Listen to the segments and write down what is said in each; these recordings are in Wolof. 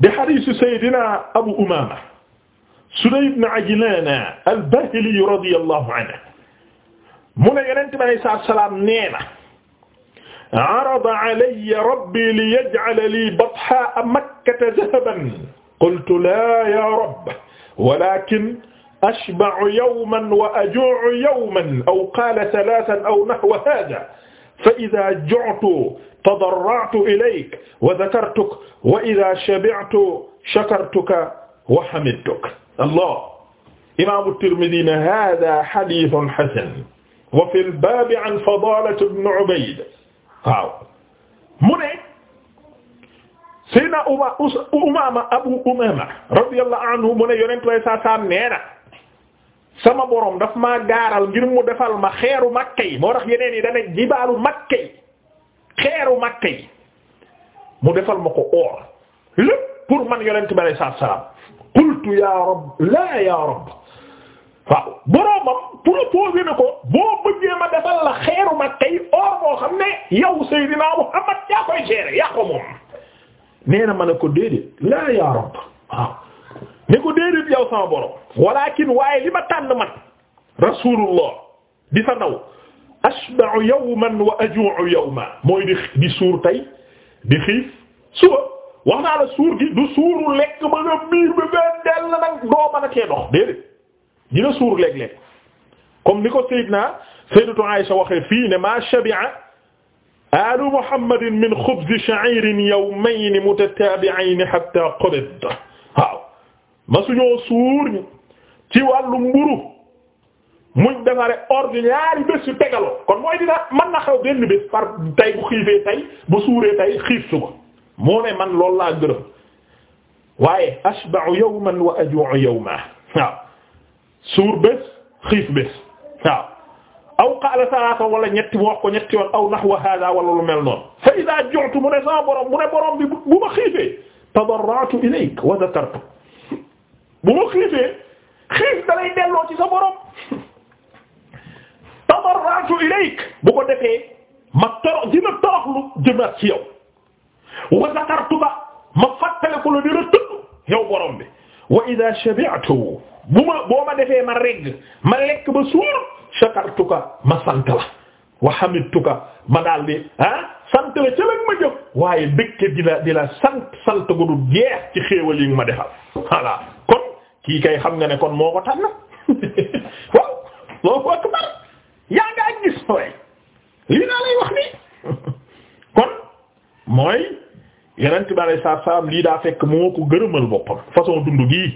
di hadiisu Seydina Abu Umaama Sudayy ibn Ajlaan al-Baahili radiyallahu anhu mu ne Yonent bi alayhi salaatu wa salaam nee na arada alayya rabbii liyaj'ala lii bathaa'a Makkata dahaban qultu laa yaa rabb walaakin ashba'u yawman wa ajuu'u yawman aw qaala thalaathan aw nahwa haadha fa idaa ju'tu tadarra'tu ilayka wa dhakartuka wa idaa shabi'tu shakartuka wa hamidtuka allah imaamu Tirmidi ne haadaa hadiisun hasan wa fil baabi an Fadaalata bni Ubayd waaw mu ne Seydina Umaama Abu Umaama radiyallahu anhu mu ne yonent way saa saa nee na sama borom daf ma gaaral ngir mu defal ma xeeru Makka yi moo tax yeneen yi dana jibaalu Makka yi xeeru mu defal ma ko oor lépp pour man yonent bi alayhi salaam qultu ya rabb la ya rabb waaw boromam proposé ko boo bëggee ma defal la xeeru Makka oor boo xam ne yow Seydina Muhammad yaa koy gérer yaa ko moom nee na ko déedéet la ya rabb ne ko déedéet yow sama borom walakin waaye li ma tànn man rasulullah di sa naw ashba'u yawman wa aju'u yawman mooy di di suur tey di xiif suba wax naa la suur gi du suuru lekk ba nga miir ba nga dell nag doo mën a tee dox déedéet dina suur léeg-léeg comme ni ko sayyidna sayyidatu Aisha waxee fii ne ma shabi'a alu muhammadin min xubzi sha'irin yawmayn mutatabi'ayn hatta qubida waaw ma suñoo suur ñu ci wàllu mburu muñ defare ordre ñaari bés yu tegaloo kon mooy dina mën na xew benn bés par tey bu xiifee tey bu suuree tey xiif suba moo ne man loolu laa gërëm waaye ashba'u yawman wa aju'u yawman waaw suur bés xiif bés waaw aw qaala salaasa wala ñetti mu wax ko ñetti yoon aw nahwa hada wala lu mel noonu fa idha ju'tu mu ne sama borom mu ne borom bi bu ma xiifee tadarra'tu ilayka wa dhakartu bu ma xiifee xiif dalay delloo ci sa borom ilayk bu ko defee ma toro dina toroxlu jëmaat ci yow wa zakartuka ma fàttale ko la dina tudd yow borom bi wa idha shabi'tu boo ma defee ma regg ma lekk ba suur shakartuka ma sant wa hamidtuka ma daal di ah sant la ma jëf waaye dëkke di la di la sant sant gu du jeex ma defal voilà kii kay xam nga ne kon moo ko tànn waaw loo ko akbar yaa nga ak gis mooy lii naa lay wax nii kon mooy yenent bi alei saatu salaam lii daa fekk moo ko gërëmal boppam façon dund gii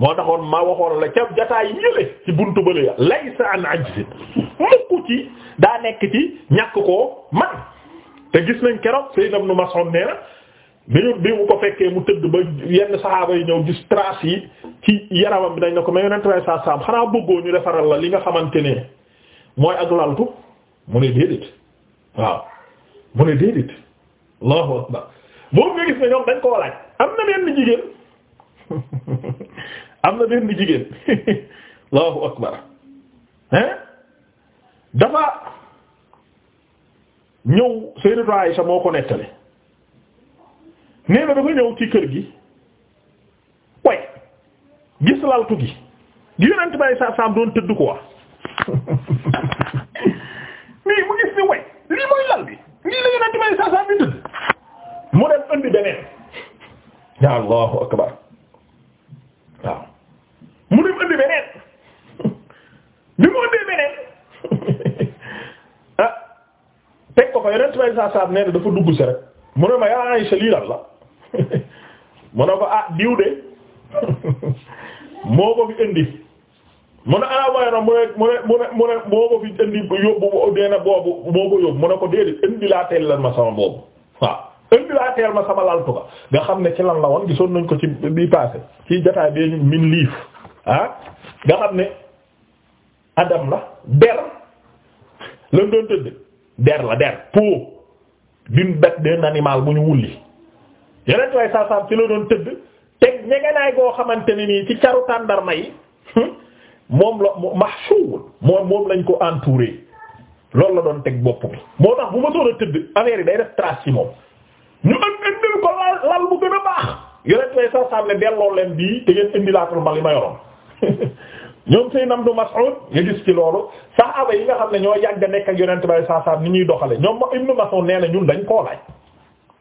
moo taxoon ma waxoon la ca jataay yële ci buntu bële ya laysa an ajzin mukk ci daa nekk ci ñàkk koo man te gis nañ keroog Sayyid Ibn Mas'ud nee na bi ñu bi mu ko fekkee mu tëdd ba yenn saxaaba yi ñëw gis trace yi ci yaramam bi nañ ne ko mais yonent bay saa saam xanaa bëggoo ñu defaral la li nga xamante ne mooy ak laltu mu ne déedéet waaw mu ne déedéet allahu akbar boobu nga gis ne ñoom dañ koo laaj am na benn jigéen am na benn jigéen allahu akbar hein dafa ñëw Sayyidatu Aisha moo ko nettali nee na dafa ñëw ci kër gi way gis laltu gi gi yonent bay sa sam doon tëdd ko wax mii mu gis ni way lii mooy lal bi ngii la yonent bay sa sam bi tëdd mu dem indi beneen ya allahu akbar waaw mu dem indi beneen bi mu indi beneen ah teg ko fa yonent bay sa sam nee na dafa dugg si rek mu ne ma yaa Aysa lii lan la mu ne ko ah diw de moo ko fi indi mu ne ah waaye nag mu ne mu ne mu ne moo ko fi indi yóbbu dee na boobu moo ko yóbbu mu ne ko déedéet indi laa teel lan ma sama boobu waaw indi laa teel ma sama laltu ba nga xam ne ci lan la woon gisoon nañ ko ci bii passé ci jotaay bee ñu min liif ah nga xam ne adam la der lan doon tëdd der la der peau d'une bête d'un animal bu ñu wulli yeneen way saa saam ci la doon tëdd teg ñegenaay goo xamante ni nii ci caru tàndarma yi hmm, moom la mahsuul moom moom lañ ko entouré loolu la doon teg bopp bi moo tax bu ma soon a tëdd affaire day def trace ci moom ñu ënd ëndil ko lal bu gën a baax yeneen way saa saam ne delloo leen bii te ngeen indilaatul ma li ma yoroon ñoom say nam du Mas'ud nga gis ci loolu saxaaba yi nga xam ne ñoo yàgg nekk ak yonent bay saa saam ni ñuy doxale ñoom Ibnu Mas'ud nee na ñun dañ koo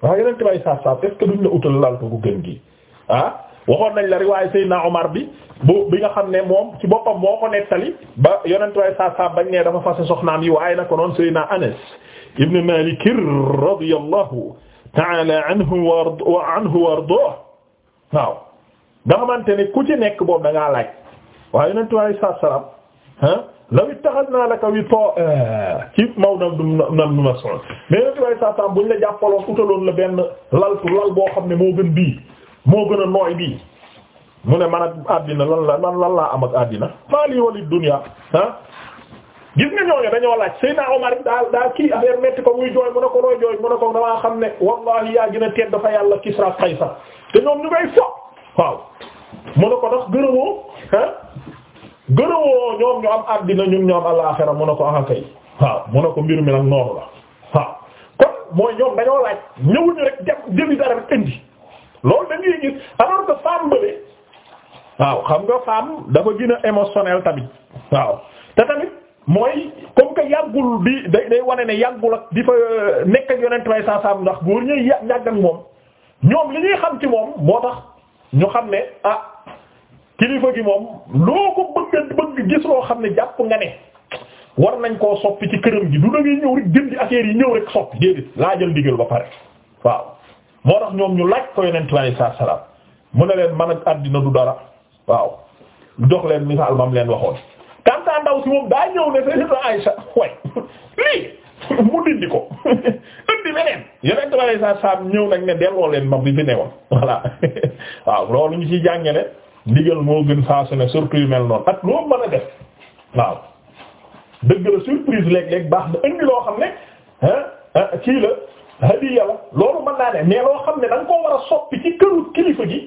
waaw yeneen ki bay saab saab est-ce que duñ la utal lal ko gu gën gi ah, waxoon nañ la riwaay Seydina Omar bi bu bi nga xam ne moom ci boppam moo ko nettali ba yonent way saa saa bañ ne dafa fase soxnaam yi waaye na ko noon Seydina Anas ibn Malik radiyallahu ta'ala anhu wa anhu wa ardaah waaw nga xamante ne ku ci nekk boobu da laaj waaye yonent way saa salaam ah, la law ittaxadnaa laka witaa ci Maodo Mdou Mas'ud mais nag waaye saa saa buñ la jàppaloon utaloon la benn laltu lal boo xam ne moo gën bii moo gën a nooy bii mu ne man ak àddina lan la man lan laa am ak àddina maa lii wali dunya ah. gis nga ñooñu dañoo laaj Seydina a daal daal kii affaire métti ko muy jooy mu a ko loo jooy mu ne ko damaa xam ne wallahi yaa gën a tedd dafa yàlla Kisra Kaysar te ñoom ñu koy fo waaw mu ne ko ndax gënawoo ñoom ñu am àddina ñun ñu am alaaxira mun a ko aka kay waaw mun a ko mbir mi nag noonu la waaw kon mooy ñoom dañoo laaj ñëwuñu rek jëm jëli dara rek indi loolu da ngay gis alors que femme bële waaw xam nga femme dafa gën a émotionnel tamit waaw te tamit mooy comme que yàggul bi day day wane ne yàggul ak di fa euh, nekk ak yonent way saa saam ndax góor ñuy yàgg ak moom ñoom li ñuy xam ci moom moo tax ñu xam ne ah kilifa gi moom loo ko bëgg bëgg gis loo xam ne jàpp nga ne war nañ koo soppi ci këram gi du da ñëw rek jëndi affaire yi ñëw rek soppi déedéet laa jël ndigal ba pare waaw moo tax ñoom ñu laaj ko yonent bi sa salaam mu ne leen man ak àddina du dara waaw jox leen misaal mam leen waxoon kanta ndaw si moom daa ñëw ne sayyidatu Aysa way lii mu dindi ko indi leneen yonent bi saa salaam ñëw nañ ne delloo leen ma bi fi newoon voilà waaw loolu ñu ci jàngale ndigal moo gën saa su ne surtout yu mel noonu ak loo mën a def waaw dëgg la surprise léeg-léeg baax na indi loo xam ne ah kii la hadiya la loolu mën naa ne loo xam ne da nga war a soppi ci këru kilifa gi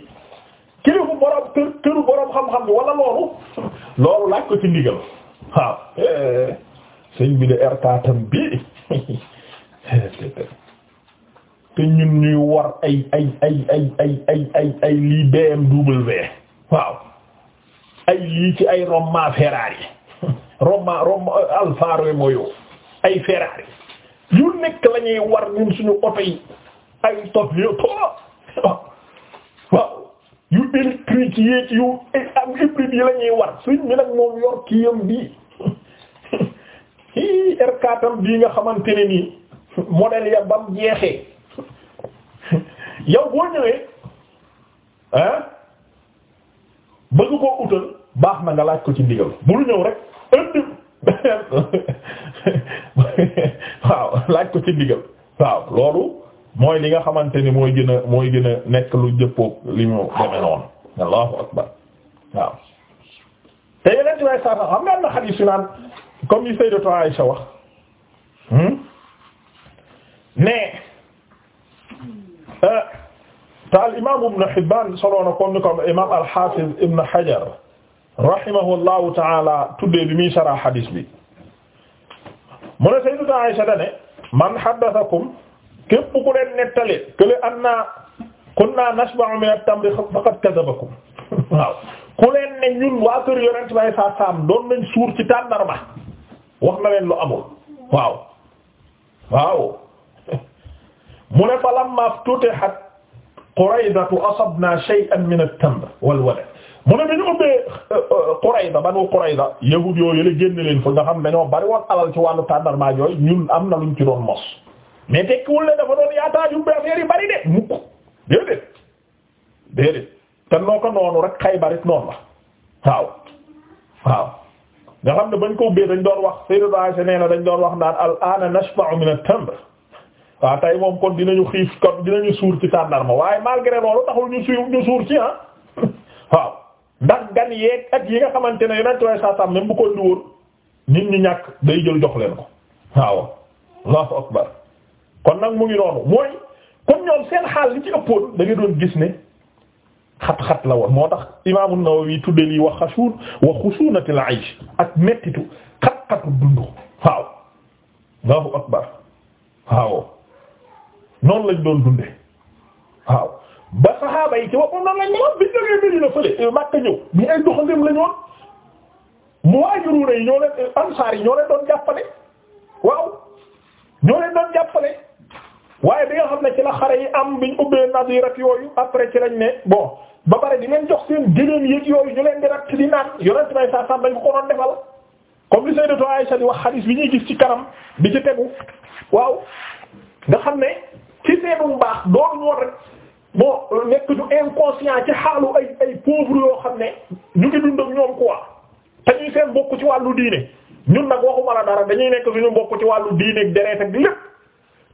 kilifu borom kër këru borom xam-xam bi loolu loolu laaj ko ci ndigal waaw eh, sëñ bi de ertatam bii te ñun ñuy war ay ay ay ay ay ay ay ay lii BMW waaw ay lii ci ay Roma Ferrari Roma Roma euh, Alfa Romeo ay Ferrari yu nekk la war ñun suñu oto yi ay top yo too waaw yu électrique yéeg yu am hybride yi la war suñ mi nag moom yor ki yam bii i R4 nga xamante ne nii modèle ya bam jeexee yow boo ñëwee ah bëgg koo utal baax na nga laaj ko ci ndigal bul ñëw rek waaw laaj ko ci ndigal waaw loolu mooy li nga xamante ni mooy gën a mooy gën a nekk lu jëppook li mu deme noonu allahu akbar waaw te yeneen ci waay saa saa xam nga am na xadiis yu naan comme yi Sayyidatu Aisha wax mais hmm? te al imaam Ibn Hibbaan solo na comme ni ko imaam al-Haafiz Ibn Hajar rahimahullahu ta'ala tuddee bi muy sarah hadis bi mu ne Sayyidatu Aisha dane man haddathakum képp ku leen nettali kële anna kunna nashba'u min at-tamri faqad kadhabakum waaw ku leen ne ñun waa kër Yonent bay saa saam doon nañ suur ci tàndarma wax na leen lu amul waaw waaw mu ne falamma futihat Quraydatu asabna shay'an min at-tamr wal wadat mu ne dañu ubbee euh, euh, Qurayda banu Qurayda yahud yooyu la génne leen fa nga xam dañoo bari woon alal ci wàllu tàndarmaa yooyu ñun am na luñ ci doon mos mais tekkiwul ne dafa doon yaataaju affaire yi bari de mukk déedéet déedéet te noo ko noonu rek Xaybar it noonu la waaw waaw nga xam ne bañ ko ubbee dañ doon wax Sayyidatu Aisha nee na dañ doon wax naan al-aana nashba'u min at-tamr waaw tey moom kon dinañu xiif kon dinañu suur ci tàndarma waaye malgré loolu taxul ñu suur ñu suur ci ah waaw ndax gan yeeg ak yi nga xamante ne yonent way saa sam même bu ko ndi woon nit ñi ñàkk day jël jox leen ko waaw allahu akbar kon nag mu ngi noonu mooy kon ñoom seen xaal li ci ëppoon da nga doon gis ne xat-xat la woon moo tax imaamu Nawawi tudde lii wax xasuun wa xusuunatil aysh ak mettitu xat-xatu dund waaw akbar waaw noonu lañ doon dunde waaw ba saxaaba yi ci boppam noonu lañ ñëwoon bi ñu jógee Medina fële euh, Makka ñëw ñu ay doxandem la ñoon muhaajiruun yi ñoo leen euh, ansaar yi ñoo leen doon jàppale waaw ñoo leen doon jàppale waaye bi nga xam ne ci la xare yi am biñ ubbee nadirat yooyu après ci lañ ne bon ba pare di leen jox seen gëléem yéeg yooyu ñu leen di ratt di naan yonent bay sa sam dañ ko ko doon defal comme li Sayyidatu Aisha di wax hadith bi ñuy gis ci kanam bi ci tegu waaw nga xam ne ci seenu mbaax doon woon rek moo nekk ñu inconscient ci xaalu ay ay pauvre yoo xam ne ñu ngi dund ak ñoom quoi te ñuy seen bokk ci wàllu diine ñun nag waxuma la dara dañuy nekk suñu bokk ci wàllu diine ak deret ak lépp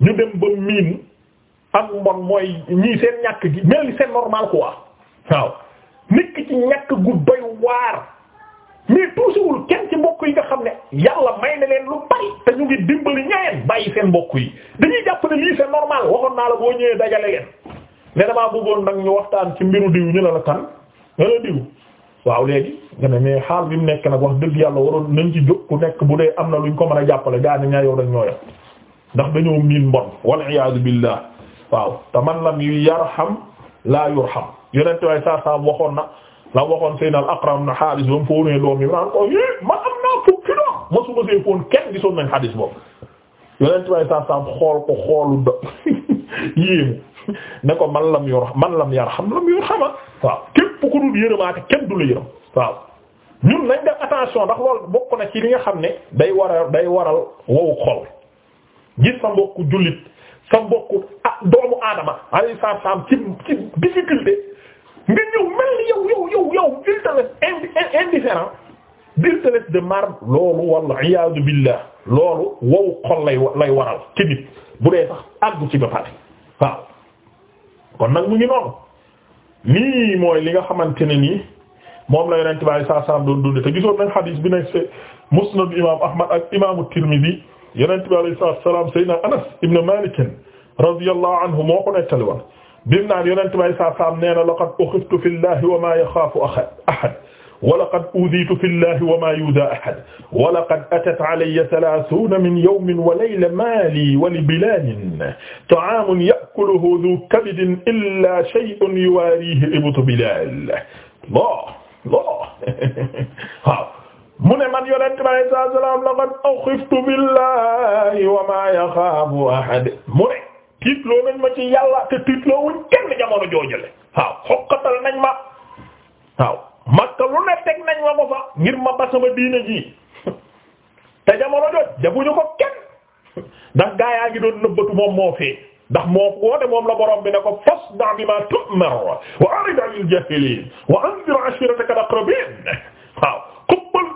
ñu dem ba miin ak mbon mooy ñii seen ñàkk gi mel ni c'est normal quoi waaw nekk ci ñàkk gu doy waar. mais tuusiwul kenn ci mbokk yi nga xam ne yàlla may na leen lu bari te ñu ngi dimbali ñaareel bàyyi seen mbokk yi dañuy jàpp ne lii c'est normal waxoon naa la boo ñëwee dajale leen ne damaa bëggoon nag ñu waxtaan ci mbiru diw ñu ne la kan nga diw waaw léegi nga ne mais xaal bi mu nekk nag wax dëgg yàlla waroon nañ ci jóg ku nekk bu dee am na luñ ko mën a jàppale gaa ña yow dañ ñoo ndax dañoo miin mbon wal iyaadu billah waaw te man lam yarham laa yurham na. la waxoon Seydina al-Aqra' ibn Haabis ba mu fóonee doom yi naan ko eh ma am naa fukki doom mosuma see fóon kenn gisoon nañ xadis boobu. yonent way sa sam xool ko xoolu do yéemu ne ko man lam yor man lam yarham lam yurhama waaw képp ku dul yërëmaate kenn du la yërëm waaw ñun nañ def attention ndax loolu bokk na ci li nga xam ne day waral day waral wowu xol gis sa mbokku jullit sa mbokku ah doomu aadama alayhi salaam ci ci difficulté yow il te laisse indifférent il te laisse de marbre wow xol lay lay waral ci nit bu dee sax àggu ci ba pare nag mu ngi noonu lii mooy li nga xamante ne nii moom la yonent bi saa saa doon dundee te gisoon nañ xadiis bi Ahmad ak imaamu Tirmidi yonent bi alayhi salaatu wa salaam Seydina Anas ibn Malik radiyallahu anhu moo ko nettali woon bim naan yonent bay saa saam nee na laqad ukhiftu fi llahi wa ma yaxaafu ahad wa laqad udiitu fi llahi wa ma yudaa ahad wa laqad atat alayya thalaathuuna min yawmin wa layla ma lii wa li bilaalin ta'aamun ya'kuluhu dhuu kabidin illaa shay'un yuwaariihi ibtu bilaal Allah Allah waaw mu ne man yonent bay saa salaam laqad ukhiftu fi llahi wa ma yaxaafu ahad mu ne tiitloo nañ ma ci yàlla te tiitloo wuñ kenn jamono joojale waaw xokkatal nañ ma waaw makka lu ne teg nañ ma ko fa ngir ma ba sama diina ji te jamono jooj defuñu ko kenn ndax gaa yaa ngi doon nëbbatu moom moo fee ndax moo woote moom la borom bi ne ko fasda bima tu'mar wa arid 'anil jaahiliin wa anzir 'ashiirataka al-aqrabiin waaw kubbal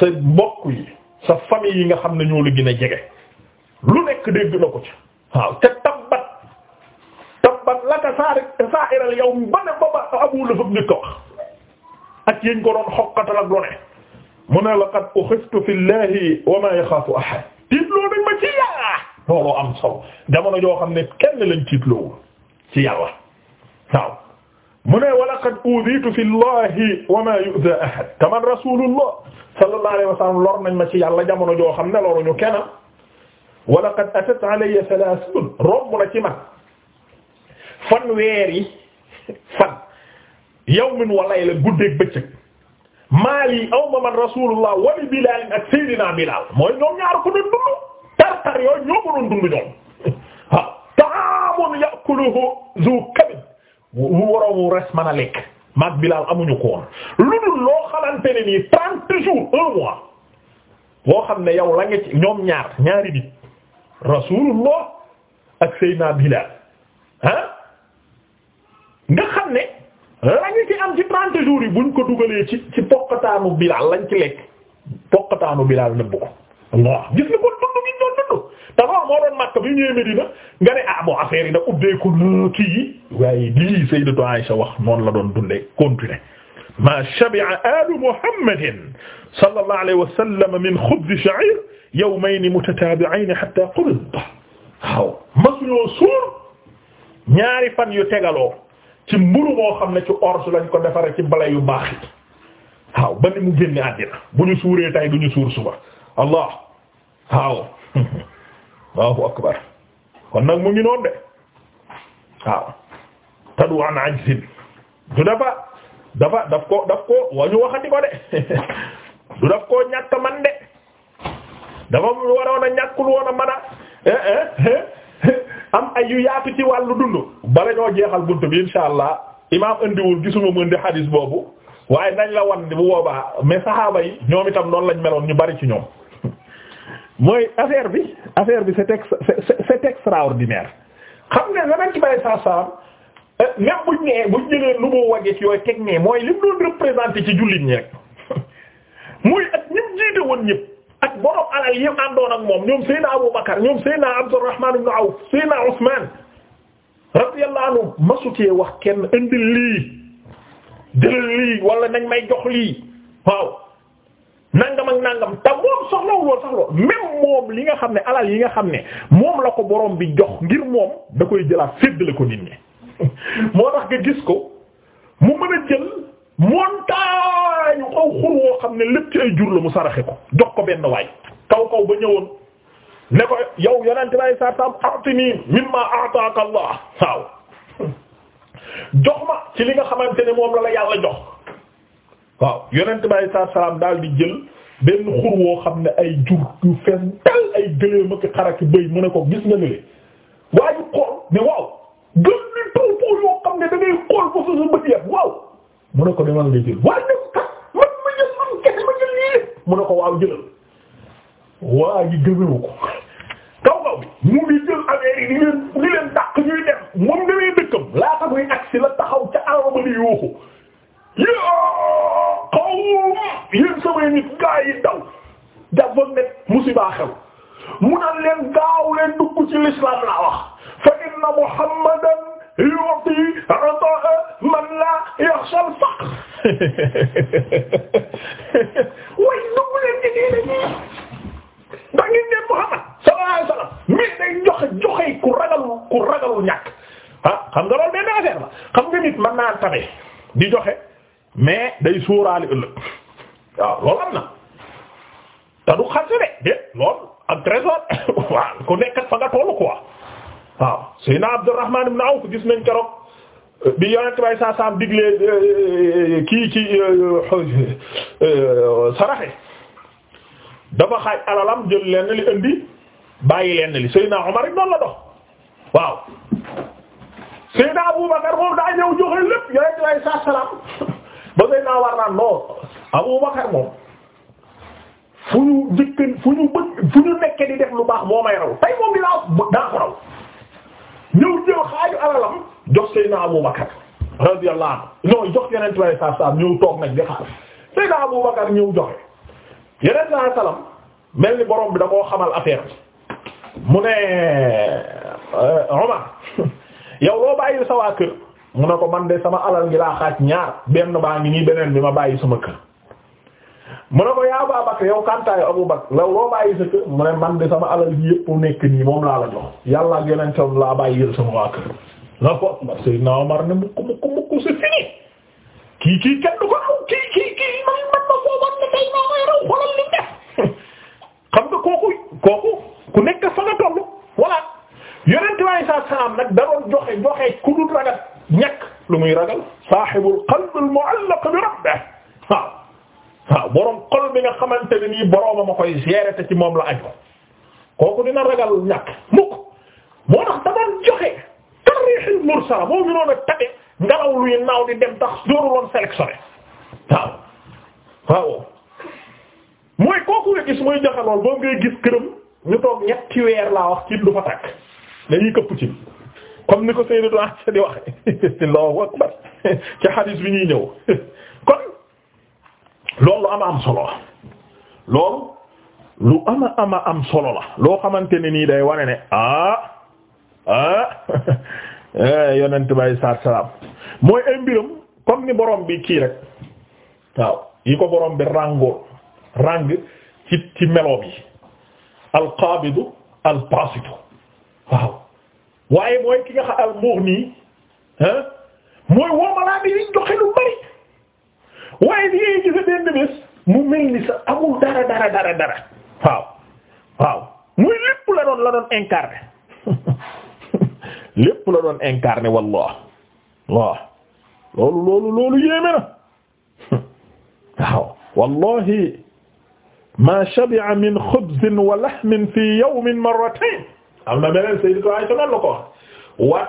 sa mbokk yi sa famille yi nga xam ne ñoo la gën a jege lu nekk dégg na ko ci waaw te tabbat tabbat laka sa'iral yawm ba ne baba abu lahab ni ko wax ak yéen la doon xokkatal ak lu ne mu ne laqad ukhiftu fillahi wa ma yaxaafu ahad tiitloo nañ ma ci am solo jamono joo xam ne kenn lañ tiitloowul ci yàlla waaw mu ne wa laqad udiitu fillahi wa ma yu'da ahad kaman rasulullah sallallahu alayhi wa sallam lor nañ ma ci yàlla jamono joo xam ne loruñu kenn wa laqad atat alayya thalathun romb na ci man maali aw ma wali Bilaal ak Seydina Bilaal mooy ñoom ñaar ko doon dund tartar yooyu ñoo ko doon dund ah, wu res mën a lekk Bilaal amuñu ko woon loo xamante ne nii trente jours un mois boo yow la nga ci ñoom ñaar rasulullah ak Seydina Bilal ah nga xam ne lañu ci am ci trente jours yi buñ ko dugalee ci ci poqataanu Bilal lañ ci lekk poqataanu Bilal nëbb ko Allah gis ni kon dund gi doon dund te loolu moo doon Makka bi ñëwee Medina nga ne ah bon affaire yi da ubbeeku kii yi waaye lii Sayyidatu Aïsha wax noonu la doon dundee continuer maa shabi'a aalu Muhammadin sallallahu alayhi wa sallam min xubzi sha'iir yawmayni mutataabi'ayni hattaa qubida waaw masuñoo suur ñaari fan yu tegaloo ci mburu moo xam ne ci orge lañ ko defaree ci bala yu baax yi waaw ba ni mu génne àddina bu ñu suuree tay du ñu suur suba allah waaw Allahu akbar kon nag mu ngi noonu de waaw tadu an ajzin du dafa dafa daf ko daf ko wañu waxati ko de du daf koo ñàkk man de dafa waroon a ñàkkul woon a man a eh, eh, eh, am ay yu yaatu ci wàllu dund bala ñoo jeexal bunt bi insha allah imaam indiwul gisuma mu indi hadis boobu waaye nañ la wan bu woobaa mais saxaaba yi ñoom itam noonu lañ meloon ñu bari ci ñoom mooy affaire bi affaire bi c'est ex c'est extraordinaire xam ne la ci bari saa saa même buñ nee buñ jëlee lu mu wageeg yooyu teg nee mooy lim doon représenté ci jullit ñi rek muy ak ñim jiite woon ñëpp ak borom alal yi àndoon ak moom ñoom Seyna Abu Bakar ñoom Seyna Abdurrahman ibn Awf Seyna Usman radiyallahu anhu masutee wax kenn indi lii jëlal lii wala nañ may jox lii waaw nangam ak nangam te moom soxlawul woon sax moom li nga xam ne alal yi nga xam ne moom la ko borom bi jox ngir moom da koy jëlaat séddale ko moo tax nga gis ko mu mën a jël montagne aw xur woo xam ne lépp ci ay jur la mu saraxe ko jox ko benn waay kaw kaw ba ñëwoon ne ko yow yonente bay sa tam atini mimma ataka Allah waaw jox ma ci li nga xamante ne moom la la yàlla jox waaw yonente bay sa salaam daal di jël benn xur woo xam ne ay jur yu fees dal ay gëléem ak xaraki bëy mu ne ko gis nga ni le waaye xool ne waaw gën ni tóopoo yoo xam ne da ngay xool ba bët yàpp waaw mu ne ko demal nga jël waaye nag kat man ma jël man kese ma jël ko waaw jëlal waa ji gëmewu ko kaw kaw bi mu jël affaire yi di leen di ñuy dem moom demee dëkkam laata muy agsi la taxaw ca araba yu yuuxu yaa xaw yéen samay nit gaa daw jàppoon ne musiba xew mu naan leen gaaw leen dugg ci l'islam laa wax anna muhammadan yu'ti ata'a man la yakhsha al-faqr way dugg leen ci diine ji ndax ngeen ne muhammad sallallahu alayhi wasallam mi day joxe joxe ku ragalu ku ragalu ñàkk ah xam nga loolu benn affaire la xam nga nit mën naa tabe di joxe mais day sóoraale ëllëg waaw loolu am na te du xasee de loolu ak trésor waaw ku nekk fa nga tollu quoi waaw Seydina Abdurrahman ibn Awf gis nañ keroog bi yonent bay saa saam diglee euh, kii ci euh, saraxe dafa xaaj alalam jël lenn li indi bàyyi lenn li Seydina la dox waaw Seydina Aboubacar moom daa ñëw joxe lépp yonent bay saa salaam ba Seydina war naan non moom fu ñu njëkk fu di def lu baax moo raw tey moom dinaa daa ko raw. ñëw jël xaaju alalam jox Seydina Abu Bakar radiyallahu anhu non jox yeneen tubaab yi saa saa ñëw toog nag di xaar Seydina Abu Bakar ñëw joxe yeneen saa salam mel ni borom bi da koo xamal affaire mu ne euh, Omar yow loo bàyyi sa waa kër mu ne ko man de sama alal gi laa xaaj ñaar benn baa ngi nii beneen bi ma bàyyi sama kër. mu ne ko yaa Abaa yow kantaayu Abu Bakr law loo bàyyi sa kër mu ne man de sama alal ji yëpp nekk nii moom laa la jox yàlla ak yonentam laa bàyyi yël sama kër la ko Seydina Omar ne mukk mukk mukk c'est kii kii kenn du ko kii kii ma foo man ne tey li def xam nga kooku kooku ku nekk salaam nag da joxe joxe ku dul ragal ñàkk lu muy ragal saahibul qalbil mu'allaq bi rabbih waaw boroom xol bi nga xamante ne nii boromam a koy gérer te ci moom la aju kooku dina ragal ñàkk mukk moo tax da doon joxe tarixil mursala moo ngi noonu tabe ngelaw luy naaw di dem tax dooru woon sélectionné waaw waaw mooy kooku nga gis muy joxe lool ngay gis këram ñu toog ci weer laa wax ci du fa tàkk dañuy këpp ci comme ni ko Seydou Dore di waxe Allahu akbar ci hadis bi ñuy ñëw kon. loolu lu ama am solo la loolu lu ama ama am solo loo xamante ne nii day wane ne ah ah eh, yonent bi alayhi salaam mooy ay mbiram ni borom bi kii rek waaw yi ko borom bi ràngool ràng ci ci meloom yi alqaabidu albaasitu waaw waaye mooy ki nga xam al mughni ah, mooy woomalaa ni liñ joxe lu bari waaye li ngay gis benn bés mu mel ni sa amul dara dara dara dara waaw muy lépp la doon la doon incarné lépp la doon incarné wallah waaw loolu loolu loolu yéeme na waaw wallahi ma shabi'a min xubzin wa lahmin fi yawmin marratayn am na beneen Sayyidatu Aisha la ko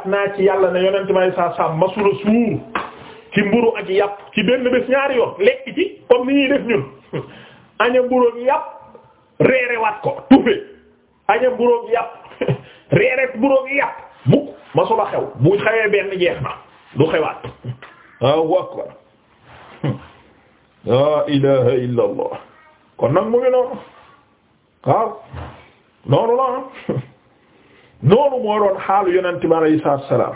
naa yàlla ne yonent sa sam masula suur ci mburu ak yàpp ci benn bés ñaari yoon lekk ci comme ni ñuy def ñun aña mburu ak yàpp reere wat ko tufe aña mburu ak yàpp reere mburu ak yàpp mukk ma sula xew bu xewee benn jeex na du xewaat waaw wakk laa ilaaha illallah kon nag mu ngi noonu noonu ah. noonu moo doon xaalu yonent bi salaam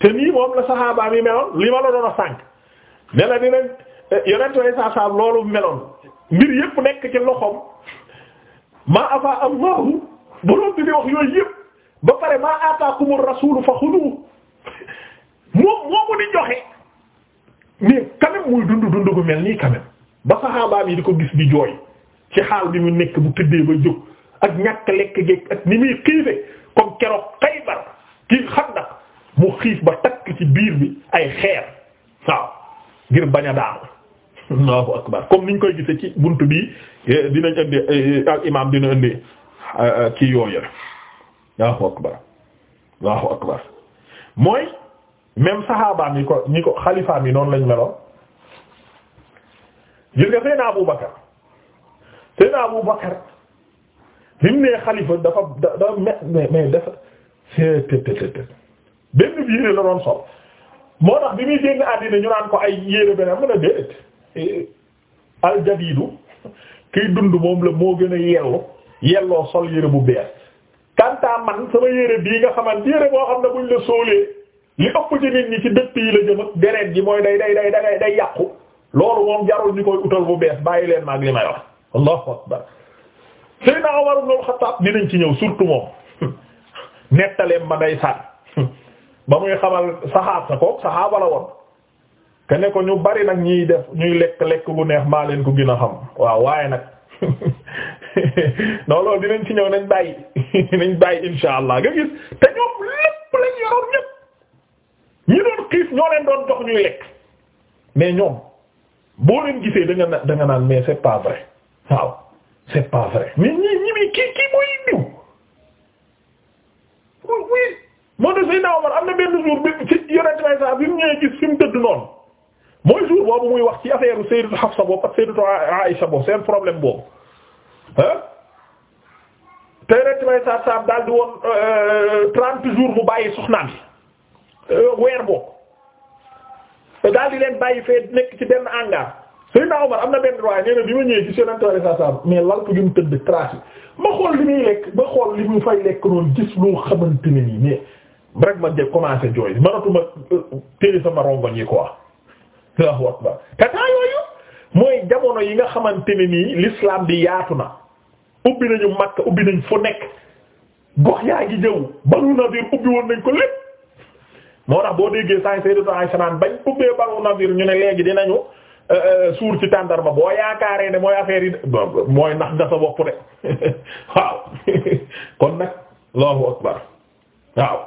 te nii moom la saxaabaam yi meloon li ma la doon a sànq ne la dinañ saasaam loolu meloon mbir yëpp nekk ci loxoom maa afa allahu boroom bi di wax yooyu yëpp ba pare maa ataakumur rasuulu fa xuduhu moom moomu di joxe mais quand muy dund dund gu mel nii quand ba saxaabaam yi di ko gis di jooy ci xaal bi mu nekk bu tëddee ba jóg ak ñàkk lekk geeg ni muy xiife comme keroog Xaybar kii Xandaq mu xiif ba takk ci biir bi ay xeer waaw ngir bañ a daal akbar comme niñ koy gise ci bunt bi eh, dinañ indi eh, al imam dina indi ci eh, yooyu allahu akbar allahu akbar mooy même saxaabaam yi ko ñi ko xalifaam yi noonu lañ meloon gis nga Seydina Abu Bakar Seydina Abu Bakar bi mu xalifa dafa da da mais mais dafa benn bi la doon sol moo tax bi muy génn àddina ñu naan ko ay yére beneen mën a déedéet aljadiidu kiy dund moom la moo gën a yellu yelloo sol yére bu beer kantaa man sama yére bii nga xamante yére boo xam ne buñ la soolee li ëpp ci nit ñi ci dëkk yi la jëm deret ji mooy day day day day day yàqu loolu moom jarul ñu koy utal bu bees bàyyi leen maag li may wax allahu akbar Seydina Umar ibn al-Khattab dinañ ci ñëw surtout moom nettaleem ma day sànn ba muy xamal saxaab sa kook saxaaba la woon te ko ñu bari nag ñuy def ñuy lekk lekk bu neex maa leen ko gën a xam waaw waaye nag non loolu dinañ ci ñëw nañ bàyyi nañ bàyyi insha allah nga gis te ñoom lépp lañ yoroon ñépp ñi doon xiif ñoo leen doon jox ñuy lekk mais ñoom boo leen gisee da nga da nga naan mais c'est pas waaw c'est pas vrai ñi ñi mi kii kii mooy diw moo tax Seydina Omar am na benn jour bi ci yonent may bi mu gis fi mu tëdd noonu mooy jour muy wax ci affaire Sayyidatu Hafsa boobu ak Sayyidatu Aïcha boobu seen problème boobu daal di woon euh, trente jours bàyyi soxnaam euh, weer boobu leen bàyyi fee nekk ci benn hangar Seydina Omar am na benn waaye nee na ma ñëwee mais lal ko gi mu tëdd trace li muy lekk ma xool li mu fay lekk noonu gis loo xamante ne nii mais rek ma jël commencé jooy manatuma euh, téye sama rongoñ yi quoi Allahu akbar te temps yooyu mooy jamono yi nga xamante ne nii lislaam bi yaatu na ubbi nañu Makka ubbi nañ fu nekk gox yaa ngi jëw Banu Nadir ubbi woon nañ ko lépp moo tax boo déggee saa Sayyidatu Aisha naan bañ ubbee Banu Nadir ñu ne léegi dinañu euh, euh, suur ci tàndarma boo yaakaaree ne mooy affaire yi mooy nax nga sa bopp de waaw kon nag Allahu akbar waaw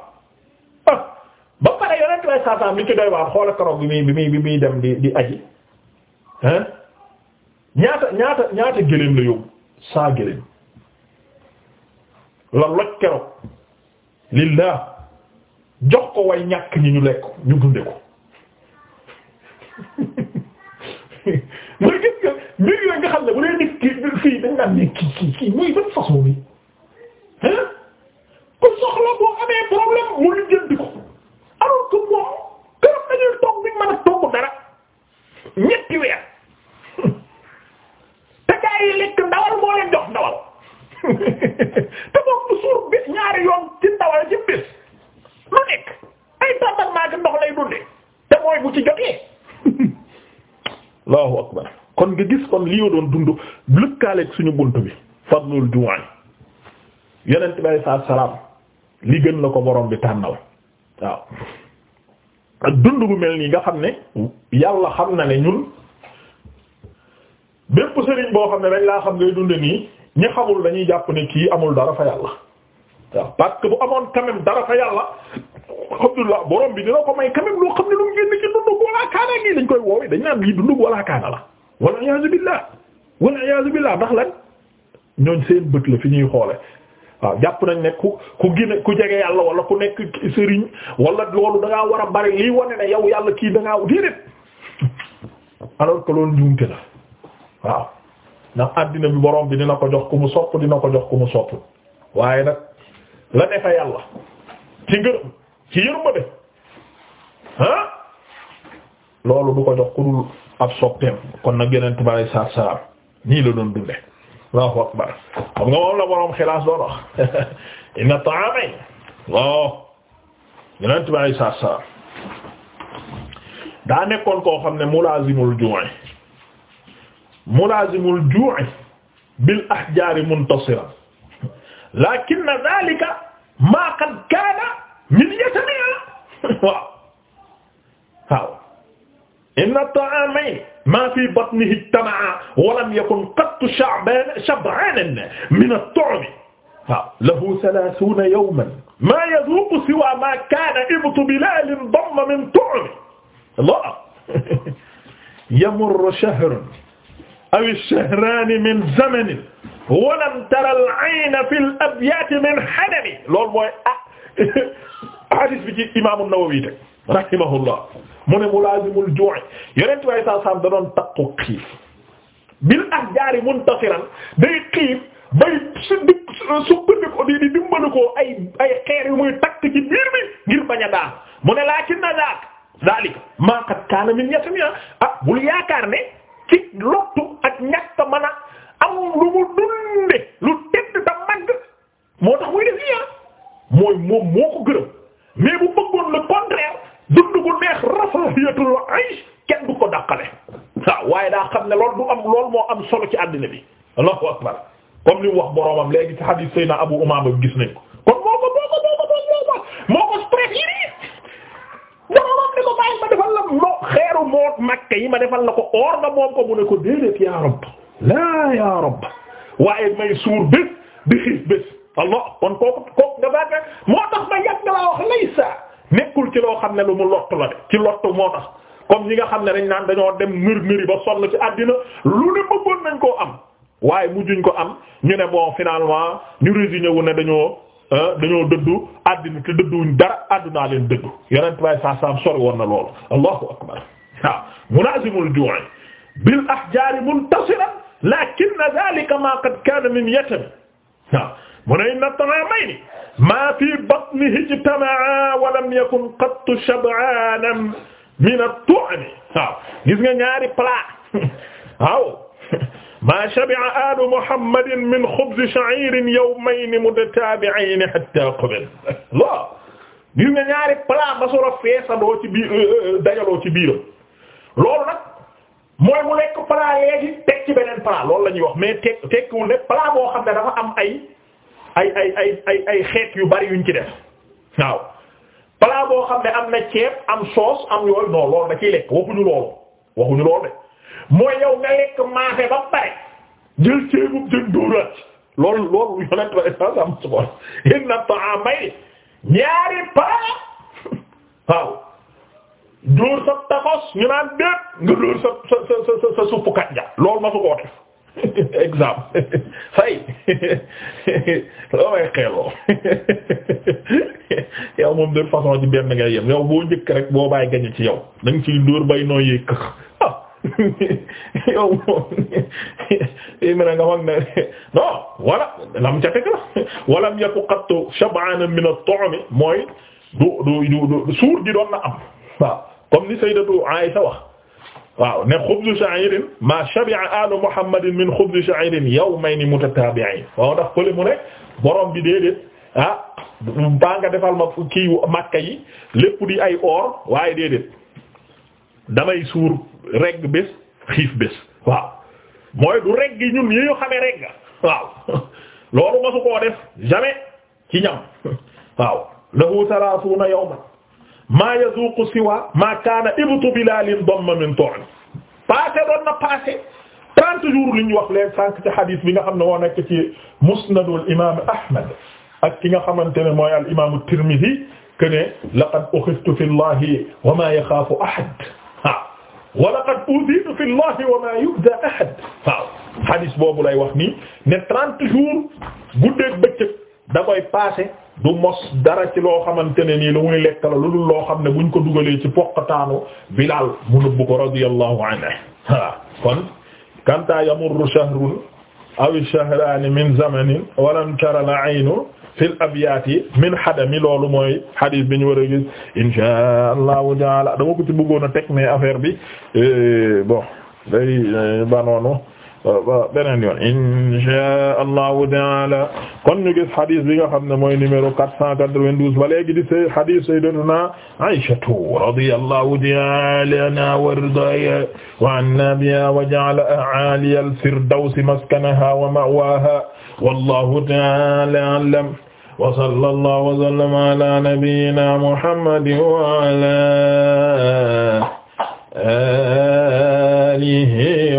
bay li ci doy waar xoola keroog bi muy bi muy dem di di aji hein ñaata ñaata ñaata gëléem la yóbbu saa gëléem la loj keroog lillah jox ko way ñàkk ñi ñu lekk ñu dunde ko mooy gis nga mbir yooyu soxla boo amee problème mu lijjanti ko alors que moom keroog dañuy toog biñ mën a dara ñetti weer te gaa yi lekk ndawal moo leen ndawal te moom bu suur bi ñaari yoon ci ndawal ci bis lu nekk ay tàmbal maa ndox lay dunde te mooy bu ci jotee allahu akbar kon nga gis kon li yoo doon dund lëkkaaleeg suñu bunt bi fadlul juwaan yonent bi sallallahu alayhi li gën la ko borom bi tànnal waaw ak dund bu mel nii nga xam ne yàlla xam na ne ñun bépp sëriñ boo xam ne dañ laa xam ngay dund nii ñi xamul dañuy jàpp ne kii amul dara fa yàlla waaw parce bu amoon quand même dara fa yàlla xam ne lu mu génn ci dund bu walla kaana gi dañ koy woowe dañ naan lii dund bu walla kaana la walla iyaazu billaah walla iyaazu billaah ndax lan ñooñ seen bët la fi ñuy xoole waaw jàpp nañ ne ku ku gine ku jege yàlla wala ku nekk sëriñ wala loolu da war a bari lii wane ne yow yàlla kii da ngaa déedéet alors que loolu njuumte la waaw ndax àddina bi borom bi dina ko jox ku mu sopp dina ko jox ku mu sopp waaye nag la ne fa yàlla ci ngërëm ci yërmande ah loolu du ko jox ku dul ab soppeem kon nag yeneen tubaab yi saa nii la doon dundee. Allahu akbar xam nga moom la borom xilaas doon wax inna ta'ama waaw yeneen tubaab yi saa saa daa nekkoon koo xam ne mulazimul ju'i mulazimul ju'i bil ahjaari muntasira lakinna dhalika ma qad kaana min yatamiya waaw waaw inna ta'aami maa fi batnihi ijtama'a wa lam yakun qattu shab'aanan min at-ta'mi lahu thalaathuuna yawman maa yazuuqu siwaa maa kaana ibtu bilaalin damma min ta'mi Allah yamurru shahrun aw shahraani min zamanin wa lam tara al-'ayna fil abyaati min hadami loolu mooy ah hadiis bi ci Imaam An-Nawawi rahimahullah mu ne mulazimul ju'i yonent bi saa saam da doon takku xiif bil ahjaari muntasiran day xiif bay su dikk sukkandiku di di dimbalikoo ay ay xeer yu muy takk ci biir bi ngir bañ daan mu ne laakin na zaak zaalika maa qad kaana min yatamiya ah bul yaakaar ne ci lottu ak ñàkk mën a am lu mu dunde lu tedd ta màgg moo tax muy def yi ah. mooy moom moo ko gërëm mais bu bëggoon le contraire dund gu neex rafaahiyatul aysh kenn du ko dàqale waaw waaye daa xam ne loolu loolu moo am solo ci àddina bi allahu akbar comme li mu wax boroomam léegi ci hadith sayna bi gis nañ ko kon moo ko moo ko moo ko moo ko moo ko ne ko yi ma defal la ko or nga moom ko mu ne ko déedéet ya rabb laa ya rabb waaye may suur bés di xiif bés allah kon kooku kooku dafa moo tax ma yàgg laa wax nekkul ci loo xam ne lu mu lottu la de ci lottu moo tax comme ñi nga xam ne dañ naan dañoo dem ngër ngëri ba na ci àddina lu ne bëggoon nañ koo am waaye mu juñ ko am ñu ne bon finalement ñu résigné wu ne dañoo euh, dañoo dëddu àddina te dëdduwuñ dara àddunaa leen dëddu yonent baay saa saam sori woon na loolu allahu akbar waaw munaazimul ju'i bil ahjaari muntasiran lakinna zaalika maa qad kaana min yatami waaw mu ne inna at-ta'aamayni maa fii batnihi ijtama'aa wa lam yakun qattu shab'aanan min at-tu'ami waaw gis nga ñaari plat waaw maa shabi'a aalu Muhammadin min xubzi sha'iirin yawmayni mutataabi'ayni hattaa qubila loo gis nga ñaari plat ba soro feesaloo ci biir euh, euh, dajaloo ci biiram loolu nag mooy mu lekk plat léegi teg ci beneen plat loolu la ñuy wax mais teg tekkiwul ne plat boo xam ne dafa am ay. ay ay ay xeet yu bari yuñ ci def waaw plat boo xam ne am na ceeb am soos am yooyu non loolu da ciy lekk waxuñu loolu waxuñu loolu de mooy yow nga lekk maafe ba pare jël ceebum jën dóoraat loolu loolu yonent ba sa sa takos ñu naan déet nga dóor sa ma su koo def exemple fay loo may xeeloo yow moom de façon ci benn ngay yow boo njëkk rek boo bàyyi gañe ci yow da nga ciy dóor bay noo yëg ah. yow moom mën na nga wax ne wala lam ca teg la walam yaku qattu shab'ana min at-ta'mi mooy du du du suur gi doon na am waaw comme ni Sayyidatu Aisha waaw ne xubzu sha'irin ma shabi'a alu muhammadin min xubzu sha'irin yawmayni mutatabi'ayn waaw ndax fële mu ne borom bi déedéet ah baa defal ma kii makka yi lépp di ay or waaye déedéet damay suur regg bés xiif bés waaw mooy du regg ñun yi ñu xamee waaw loolu masu koo def jamais ci ñam waaw lahu thalathuna yawman maa yazuqu siwa maa kaana ibtu bilalin damma min tu'un passé doon na passé trente jours li ñu wax leen sànq ci hadith bi nga xam ne moo nekk ci musnadul imam ahmad ak ki nga xamante ne mooy al imam at-tirmidhi que ne laqad ukhiftu fi llahi wa ma yaxaafu ahad waaw wa laqad uzitu fi llahi wa ma yu'za ahad waaw hadith boobu lay wax nii ne trente jours guddeeg bëccëg da koy paase du mos dara ci loo xamante ne nii lu muy lekk lu dul loo xam ne buñ ko dugalee ci poqataanu Bilaal mu nëbb ko radiyallahu anhu waaw kon kanta yamurru shahrun aw shahraani min zamanin walam tara la aynu fil abyati min hadami loolu mooy hadith bi ñu war a gis insha allahu taala dama ko ci bëggoon a teg mais affaire bi eh, eh, beneen yoon insha allahu taala kon ñu gis hadith bi nga xam ne mooy numéro 492 ba léegi di say hadith sayyidatuna Aishatu radiyallahu taala anha wardaaya wa anna biha wa ja'ala a'aliya al-firdawsi maskanaha wa ma'waha wallahu taala a'lam wa sallallahu wa sallama ala nabiyyina muhammadin wa ala alihi